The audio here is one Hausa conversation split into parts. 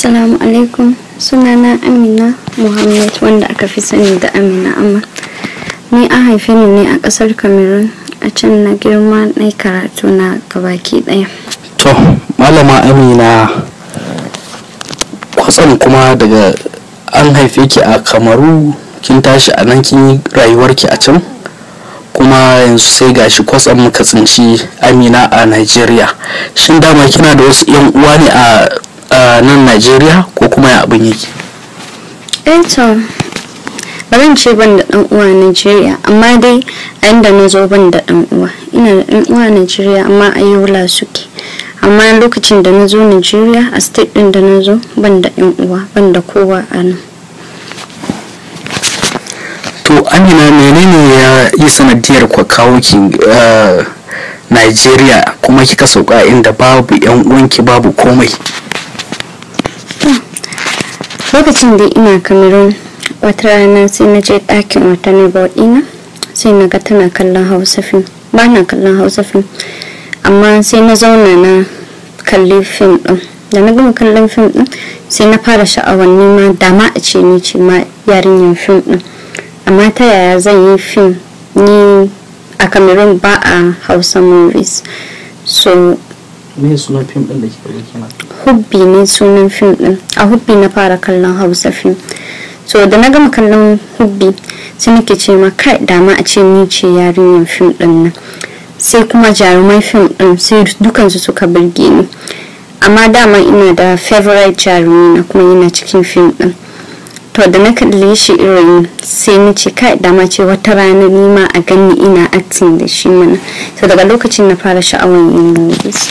Assalamu alaikum sunana Amina Muhammad wanda aka fi sani da Amina Amma. Ni an haife ni ne a kasar Cameroon a can na girma na karatu na gabaki daya. To, Malama Amina kwatsam kuma daga an haife ki a Kamaru kin tashi a nan kin rayuwar rayuwarki a can kuma yanzu sai gashi kwatsam muka tsinci Amina a Nigeria. Shin dama kina da wasu 'yan uwa ne a nan najeriya ko kuma ya abin yake eh to ba zan ce ban da ɗan uwa najeriya amma dai a inda na zo ban da ɗan uwa ina da ɗan uwa najeriya amma a yi wula suke amma lokacin da na zo najeriya a state ɗin da na zo ban da ɗan uwa ban da kowa a nan to amina menene ya yi sanadiyar kwa kawo ki najeriya kuma kika sauka inda babu yan uwanki babu komai lokacin da ina cameroon wata rana sai na je ɗakin wata ne ɗina sai na ga tana kallon hausa fim ba na kallon hausa fim amma sai na zauna na kalli fim ɗin da na gama kallon fim ɗin sai na fara sha'awanni ma dama a ce ni ce ma yarinyar fim ɗin amma ta yaya zan yi fim ni a cameroon ba a hausa movies so hubbi ne sunan fim din a hubbi na fara kallon hausa fim so da na gama kallon hubbi sai nake ce ma kai dama a ce ni ce yarinyar fim din nan sai kuma jarumai fim din sai dukansu suka birge ni amma dama ina da favorite jarumi na kuma yana cikin fim din to da na kalle shi irin sai ni ce kai dama ce wata rana ni ma a gani ina acting da shi mana to daga lokacin na fara sha'awar yin movies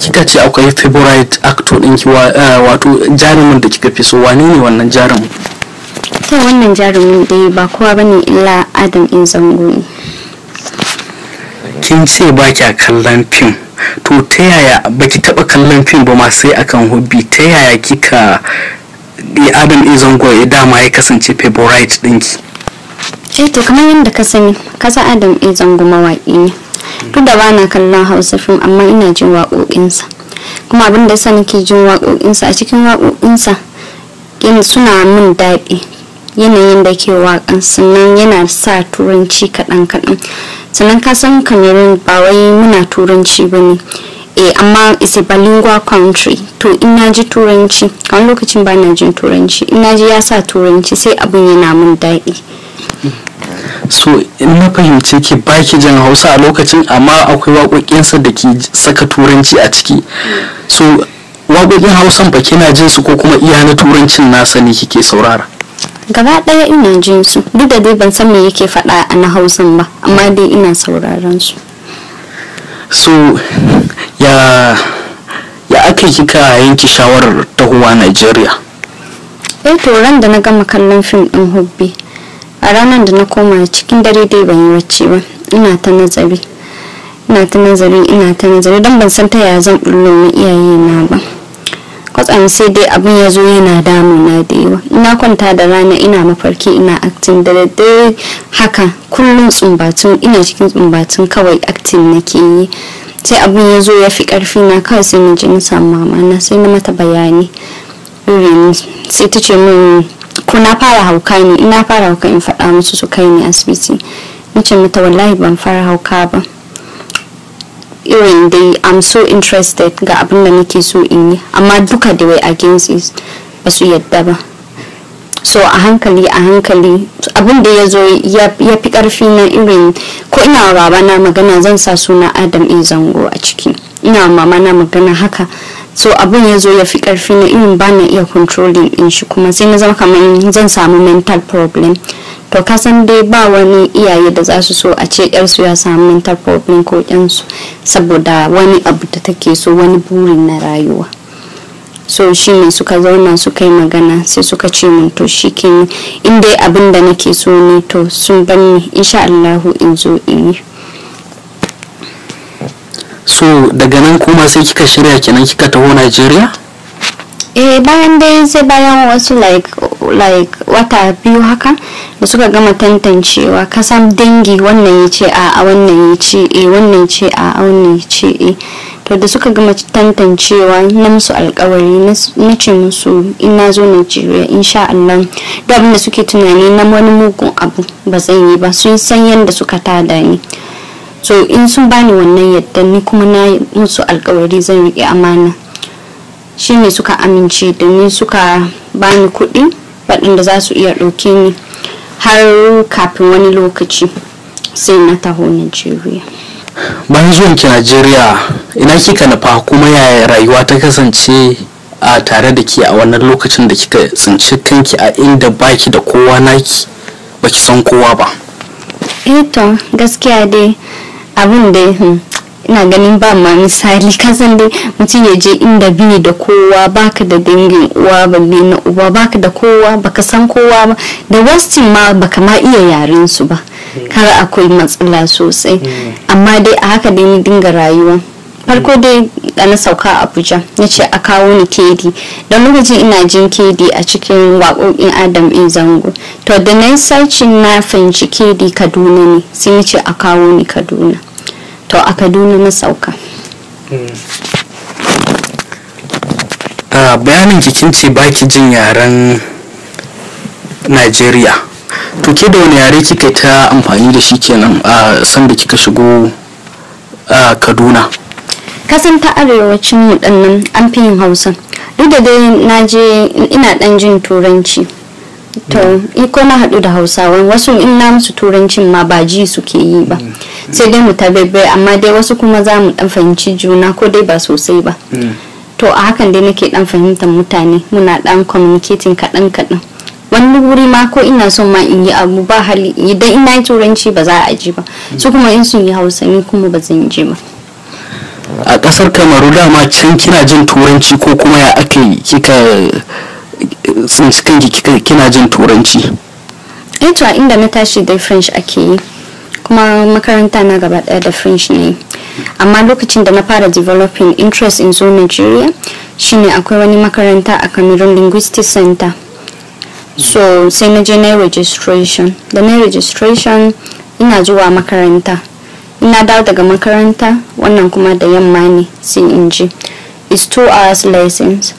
kika ce akwai favorite actor ki eh, wato jarumin da kika fi so wane ne wannan jarumin to wannan jarumin dai ba kowa bane illa adam in zango ne kin ce ba kya kallon fim to ta yaya baki taba kallon fim ba ma sai akan hobby ta yaya kika adam izango ya dama ya kasance favorite ɗinki eh to kamar yadda ka sani kasa adam izango mawaƙi ne duk da ba na kallon hausa fim amma ina jin waƙoƙinsa kuma abin da sani ke jin waƙoƙinsa a cikin waƙoƙinsa suna min daɗi yanayin da ke waƙan sannan yana sa turanci kaɗan kaɗan sannan ka san kamerun ba wai muna turanci ba ne eh amma is a bilingual country to ina ji turanci a wani lokacin ba na jin turanci ina ji ya sa turanci sai abin yana mun daɗi so in na fahimci ki baki jan hausa a lokacin amma akwai waƙoƙinsa da ke saka turanci a ciki so waƙoƙin hausan ba kina jin su ko kuma iya na turancin nasa ne kike saurara gaba ɗaya ina jin su duk da dai ban san me yake faɗa a na hausan ba amma dai ina sauraron su so ya ya aka kika yanke shawarar tahowa Najeriya eh to ran da na gama kallon fim din hubbi a ranar da na koma cikin dare dai ban yi wacce ba ina ta nazari ina ta nazari ina ta nazari don ban san ta yaya zan bullo iyaye na ba kwatsam sai dai abin ya zo yana damuna da yawa ina kwanta da rana ina mafarki ina acting da daddare haka kullum tsumbatun ina cikin tsumbatun kawai acting nake yi sai abin ya zo ya fi karfi na kawai sai na ji na samu mama na sai na mata bayani mm, sai ta ce min ko na fara hauka ne ina fara hauka in faɗa musu su kai ni asibiti nace mata wallahi ban fara hauka ba irin dai i'm so interested ga abin da nake so in yi amma duka da wai against is ba su yadda ba so a hankali a hankali abin da ya zo ya fi karfi na irin ko ina baba na magana zan sa suna adam in zango a ciki ina mama na magana haka so abin ya zo ya fi karfi na irin ba na iya controlling in shi kuma sai na zama kamar zan samu mental problem to san dai ba wani iyaye da za su so a ce yarsu ya samu mental problem ko saboda wani abu da take so wani burin na rayuwa so shi ne suka zauna suka yi magana sai suka ce min to shi kenan in dai abin da nake so ne to sun banni insha Allahu in zo in yi so daga nan kuma sai kika shirya kenan kika taho Najeriya eh bayan dai sai bayan wasu like like wata biyu haka da suka gama tantancewa kasan dangi wannan ya ce a wannan ya ce e wannan ya ce a wannan ya ce e to da suka gama tantancewa na musu alkawari na ce musu zo Najeriya insha Allah da abinda suke tunani na wani mugun abu ba zan yi ba sun san yadda suka tada ni so in sun bani wannan yadda ni kuma na musu alkawari zan riƙe amana shine suka amince domin suka bani kuɗi waɗanda za su iya ɗauke ni har kafin wani lokaci sai na taho Najeriya. bayan zuwanki ki Najeriya ina kika nufa kuma yaya rayuwa ta kasance a tare da ki a wannan lokacin da kika tsinci kanki a inda baki da kowa naki baki san kowa ba. Eto eh gaskiya dai abin da hmm, ina ganin ba ma misali kasan dai mutum ya je inda bi da kowa baka da dangin uwa balle na uba baka da kowa baka san kowa ba da wastin ma baka ma iya yaren su ba hmm. kar akwai matsala sosai hmm. amma dai a haka dai ni dinga rayuwa farko hmm. dai da na sauka abuja na ce a kawo ni kedi don lokacin ina jin kedi a cikin waƙoƙin adam in zango to da na yi sarcin na fahimci kedi kaduna ne sai na ce a kawo ni kaduna to a kaduna na sauka a bayanin kikin ce baki jin yaren nigeria to ke da wani yare kika ta amfani da shi kenan a sanda kika shigo a kaduna kasan ta arewacin mu dannan an fi yin hausa duk da dai na je ina dan jin turanci to iko na haɗu da hausawan wasu in na musu turancin ma ba ji suke yi ba mm. sai dai mu tabebe amma dai wasu kuma za mu dan fahimci juna ko dai ba sosai ba mm. to a hakan dai nake dan fahimtar mutane muna dan communicating kaɗan kaɗan wani wuri ma ko ina son ma in yi abu ba hali idan ina yi turanci ba za a ji ba mm. su kuma in sun yi hausa ni kuma ba zan je ba a kasar kamaru dama can kina jin turanci ko kuma ya ake kika tsinci kika kina jin turanci eh to a inda na tashi da french ake yi kuma makaranta na gaba daya da french ne amma lokacin da na fara developing interest in zo nigeria shine akwai wani makaranta a cameroon linguistic center so sai na je na registration da na registration ina zuwa makaranta ina dawo daga makaranta wannan kuma da yamma ne sai in ji it's two hours lessons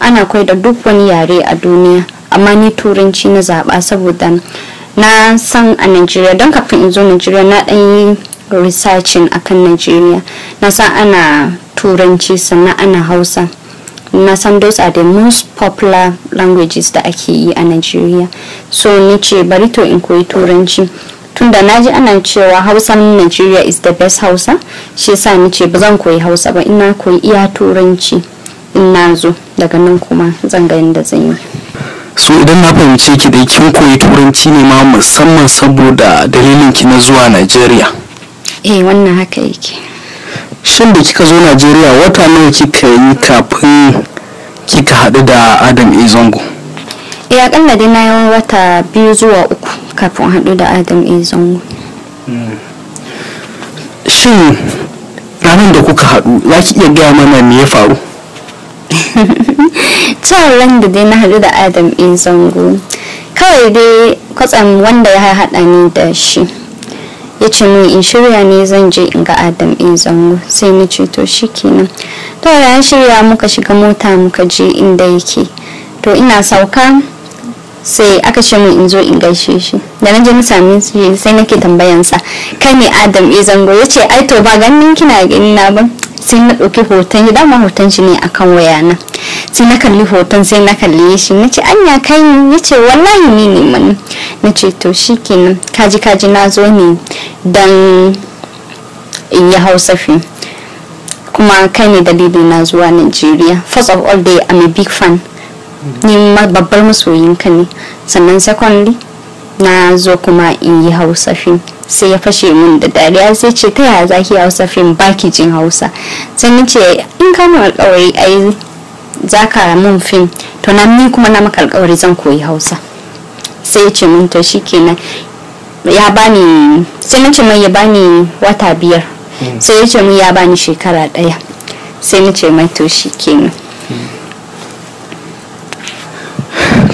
ana koyar da duk wani yare a duniya amma ni turanci na zaɓa saboda na san a nigeria don kafin in zo nigeria na dan yi researching akan nigeria na san ana turanci sannan ana hausa na san those are the most popular languages da ake yi a nigeria so ni ce bari to in koyi turanci tunda na ji ana cewa hausan nigeria is the best hausa shi yasa ni ce ba zan koyi hausa ba ina koyi iya turanci in na zo daga nan kuma zan ga yadda zan yi so idan na fahimce ki da kin koyi turanci ne ma musamman saboda dalilin ki na zuwa Najeriya eh wannan haka yake shin da kika zo Najeriya wata nawa kika yi kafin kika haɗu da Adam Izongo eh akalla dai na yi wata biyu zuwa uku kafin haɗu da Adam Izongo hmm. shin ranar da kuka haɗu za ki iya gaya mana me ya faru tsoron da dai na haɗu da adam in zango kawai dai kwatsam wanda ya haɗa ni da shi ya ce min in shirya ne zan je in ga adam in zango sai ni ce to shi kenan to ya shirya muka shiga mota muka je inda yake to ina sauka sai aka ce min in zo in gaishe shi da na je na same shi sai nake tambayansa kai ne adam in zango ya ce ai to ba ganin kina gani na ba sai na ɗauki hoton ya dama hoton shi ne akan waya na sai na kalli hoton sai na kalli shi na ce anya kai ni ya ce wallahi ni ne mani na ce to shi kenan kaji kaji na zo ne don in yi hausa kuma kai ne dalili na zuwa nigeria first of all day i'm a big fan ni babbar masoyinka ne sannan secondly na zo kuma in yi hausa sai ya fashe mun da dariya sai ce ta yaya zaki hausa fim baki jin hausa sai na ce in ka kama alkawari ai za ka mun fim to na ni kuma na maka alkawari zan koyi hausa sai ya ce mun to shikenan ya bani sai mun ce mai ya bani wata biyar hmm. sai ya ce mun ya bani shekara daya sai na ce mai to shikenan hmm.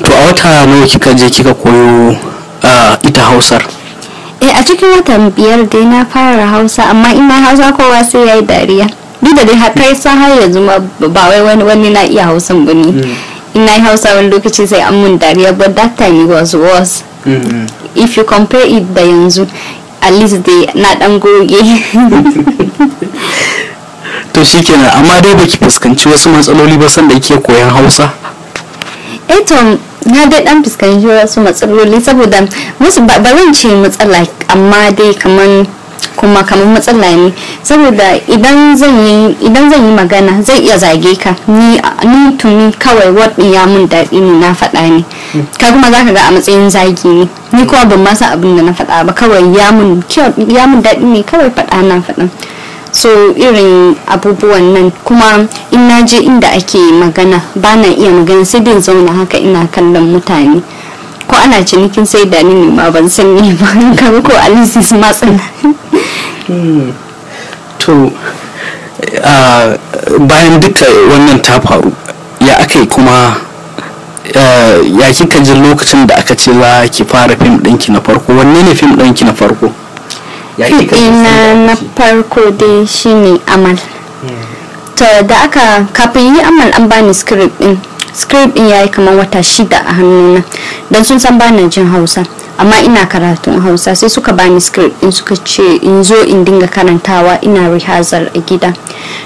to a wata nawa kika je kika koyo ah, ita hausar a cikin watan biyar dai na fara hausa amma ina hausa kowa sai ya yi dariya duk da dai har sa har yanzu ba wai wani wani na iya hausan ba ne mm. ina yi hausa wani lokaci sai an mun dariya but that time it was worse mm-hmm. if you compare it da yanzu at least dai na dan goge to kenan amma dai baki fuskanci wasu matsaloli ba sanda ke koyan hausa eton eh na dai dan fuskanci wasu matsaloli saboda musu ba zan ce matsala amma dai kaman kuma kamar matsala ne saboda idan zan yi magana zai iya zage ka ni ni tuni kawai wadin ya mun daɗi ne na faɗa ne ka kuma zaka ga a matsayin zagi ne ni kuma ban masa abin da na faɗa ba kawai ya mun ya mun daɗi ne kawai faɗa na faɗa so irin abubuwan nan kuma in na je inda ake magana ba na iya magana sai bin zauna haka ina kallon mutane ko ana cinikin sai da ni ma ban san ne ba kan ko alisis matsala hmm. to bayan duka wannan ta faru ya aka kuma ya kika ji lokacin da aka ce za ki fara fim ɗinki na farko wanne ne fim ɗinki na farko ina na farko dai shine amal to da aka kafin yi amal an bani script ɗin script din yayi kamar wata shida a hannuna don sun san bani jin hausa amma ina karatun hausa sai suka bani script in suka ce in zo in dinga karantawa ina rehearsal a gida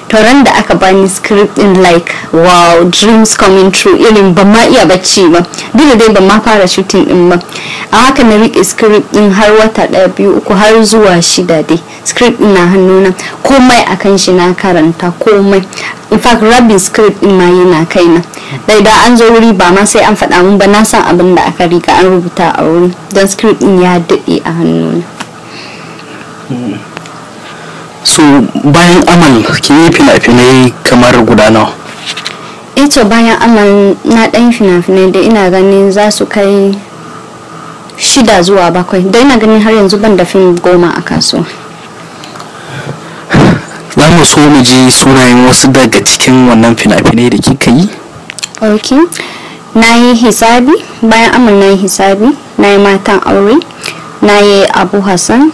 tauran da aka bani script in like wow dreams coming true irin ban ma iya bacci ba dole dai ban ma fara shooting din ba a haka na rike script din har wata daya biyu uku har zuwa shida dai script na hannuna komai akan shi na karanta komai in fact rabin script din ma yana kaina dai da an zo wuri ba ma sai an faɗa mun ba na san abin da aka riga an rubuta a wurin don script din ya daɗe a hannuna so bayan amal kin yi fina-finai kamar guda nawa ita eh bayan amal na ɗan fina-finai da ina ganin za su kai shida zuwa bakwai da ina ganin har yanzu ban da fim goma a kasuwa kuma so mu ji sunayen wasu daga cikin wannan fina-finai da kika yi ok na yi hisabi bayan amin na yi hisabi na yi matan aure na yi abu hassan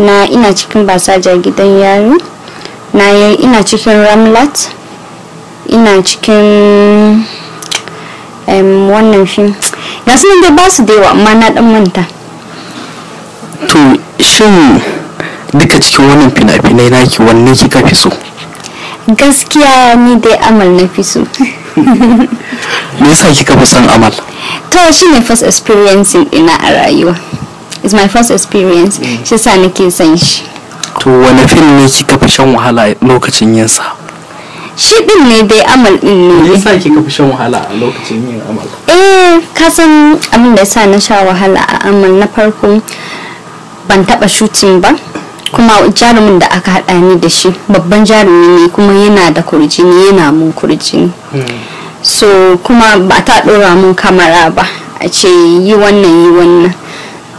na ina cikin basaja gidan yari na yi ina cikin ramlat ina cikin wannan fim da ba su da yawa amma na dan manta to shin duka cikin wannan fina-finai naki wanne kika fi so gaskiya ni dai amal na fi so me yasa kika fi son amal to shi ne first experience ina a rayuwa is my first experience mm. shi sa nake son shi to wani fim ne kika fi shan wahala lokacin yinsa shi din ne dai amal din ne me yasa kika fi shan wahala a lokacin yin amal eh ka san abin da yasa na sha wahala a amal na farko ban taba shooting ba kuma jarumin da aka haɗa ni da shi babban jarumi ne kuma yana da kurjini yana mun kurjini hmm. so kuma ba ta ɗora mun kamara ba a ce yi wannan yi wannan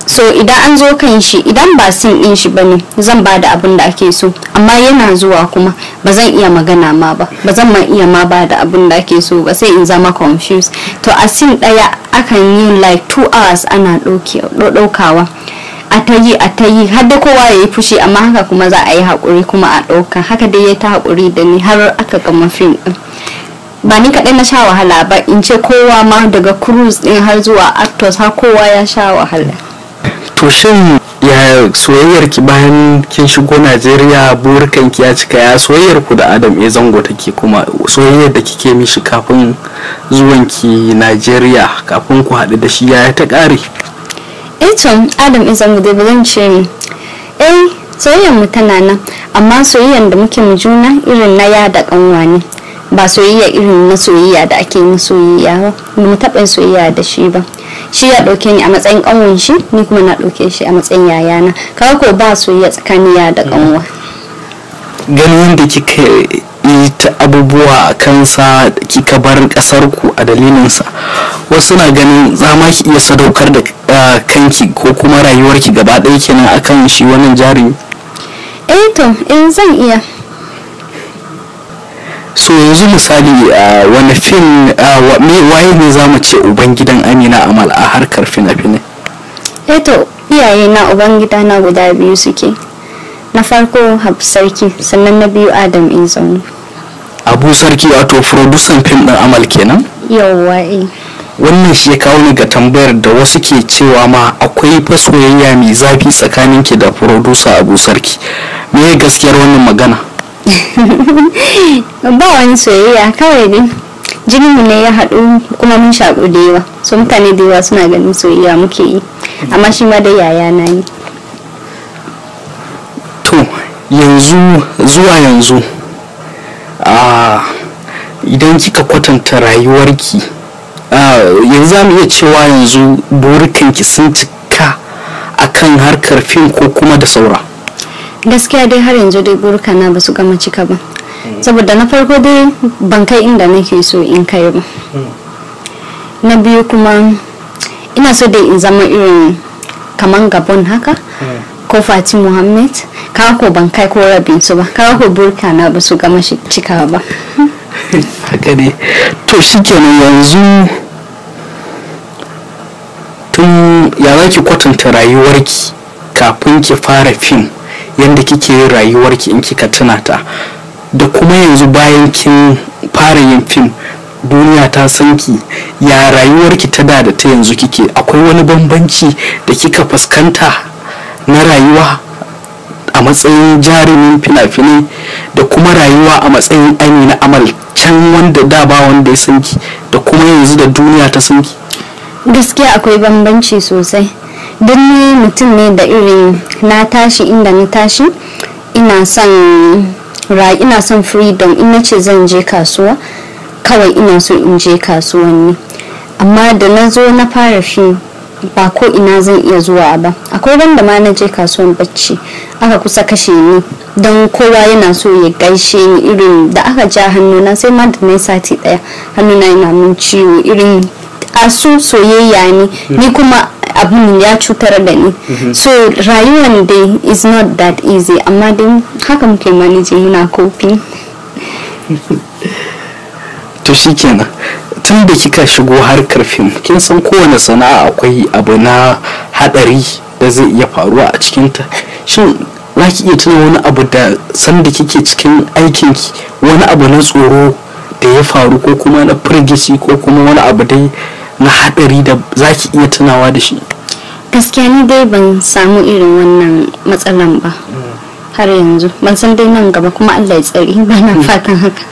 so idan an zo kan shi idan ba sin din shi bane zan ba da abin da ake so amma yana zuwa kuma ba zan iya magana ma ba ba zan ma iya ma ba da abin da ake so ba sai in zama confused to a sin daya akan yi like two hours ana ɗaukawa a ta yi a ta yi har da kowa ya yi fushi amma haka kuma za a yi haƙuri kuma a ɗauka haka dai ya ta haƙuri da ni har aka gama fim ɗin ba ni kaɗai na sha wahala ba in ce kowa ma daga cruise ɗin har zuwa actors har kowa ya sha wahala to shin ya soyayyar ki bayan kin shigo Najeriya burkan ki ya cika ya soyayyar ku da Adam ya zango take kuma soyayyar da kike mishi kafin zuwan ki Najeriya kafin ku haɗu da shi ya ta ƙare eton eh, adam izan da bazan ce ne eh soyayyar mu tana nan amma soyayyar da muke mu juna irin na ya da kanwa ne ba soyayya irin na soyayya da ake yin soyayya ba ba mu taɓa soyayya da shi ba shi ya ɗauke ni a matsayin ƙanwan shi ni kuma na ɗauke shi a matsayin yayana kawai ko ba soyayya tsakanin ya da ƙanwa ganin da kika yi ta abubuwa a kansa kika bar ƙasar ku a dalilinsa wasu na ganin za ma ki iya sadaukar da ah, kanki ko kuma rayuwarki gaba ɗaya kenan akan shi wannan jari eh to in eh, zan iya so yanzu misali a ah, wani fim ah, waye ne za mu ce ubangidan amina amal a harkar fina-finai eh to iyaye na ubangida na guda biyu suke na farko habu sarki sannan na biyu adam zaune. abu sarki wato furodusan fim din amal kenan yawwa eh wannan shi ya kawo ni ga tambayar da wasu ke cewa ma akwai fasoyayya mai zafi tsakanin ki da producer abu sarki me ya gaskiyar wannan magana ba wani soyayya kawai ne jinin mu ne ya haɗu kuma mun shaƙu da yawa so mutane da yawa suna ganin soyayya muke yi amma shi ma da yaya na ne to yanzu zuwa yanzu ah, idan kika kwatanta rayuwarki Ah, yanzu za mu iya cewa yanzu ki sun cika akan harkar fim ko kuma da saura gaskiya dai har yanzu dai burkana ba su gama cika ba saboda na farko dai ban kai inda nake so in kai ba na biyu kuma ina so dai in zama irin kaman gabon haka ko fati muhammed kawo ko ban kai ko rabin su ba kawo ko burkana ba su gama cika ba haka to shikenan yanzu tun ya za kwatanta rayuwarki kafin ki fara fim yadda kike yin rayuwarki in kika tuna ta da kuma yanzu bayan kin fara yin fim duniya ta san ki ya rayuwarki ta da da ta yanzu kike akwai wani bambanci da kika fuskanta na rayuwa a matsayin jarumin fina-finai da kuma rayuwa a matsayin amina amal can wanda da ba wanda ya sanki da kuma yanzu da duniya ta sanki gaskiya akwai bambanci sosai don ni mutum ne da irin na tashi inda na tashi ina son ina son freedom ina ce zan je kasuwa kawai ina so in je kasuwanni amma da na zo na fara fi ba ko ina zan iya zuwa ba akwai wanda ma na je kasuwan bacci aka kusa kashe ni don kowa yana so ya gaishe ni irin da aka ja hannuna sai ma da na sati daya hannuna yana min ciwo irin asu soyayya ne ni kuma abin ya cutar da ni mm-hmm. so rayuwan dai is not that easy amma dai haka muke manage muna coping to shikenan tun da kika shigo harkar fim kin san kowane sana'a akwai abu na hadari da zai iya faruwa a cikinta shin za ki iya tuna wani abu da sanda kike cikin aikin ki wani abu na tsoro da ya faru ko kuma na firgici ko kuma wani abu dai na hadari da za ki iya tunawa da shi gaskiya ni dai ban samu irin wannan matsalan ba har yanzu ban san dai nan gaba kuma allah ya tsari ba na fatan haka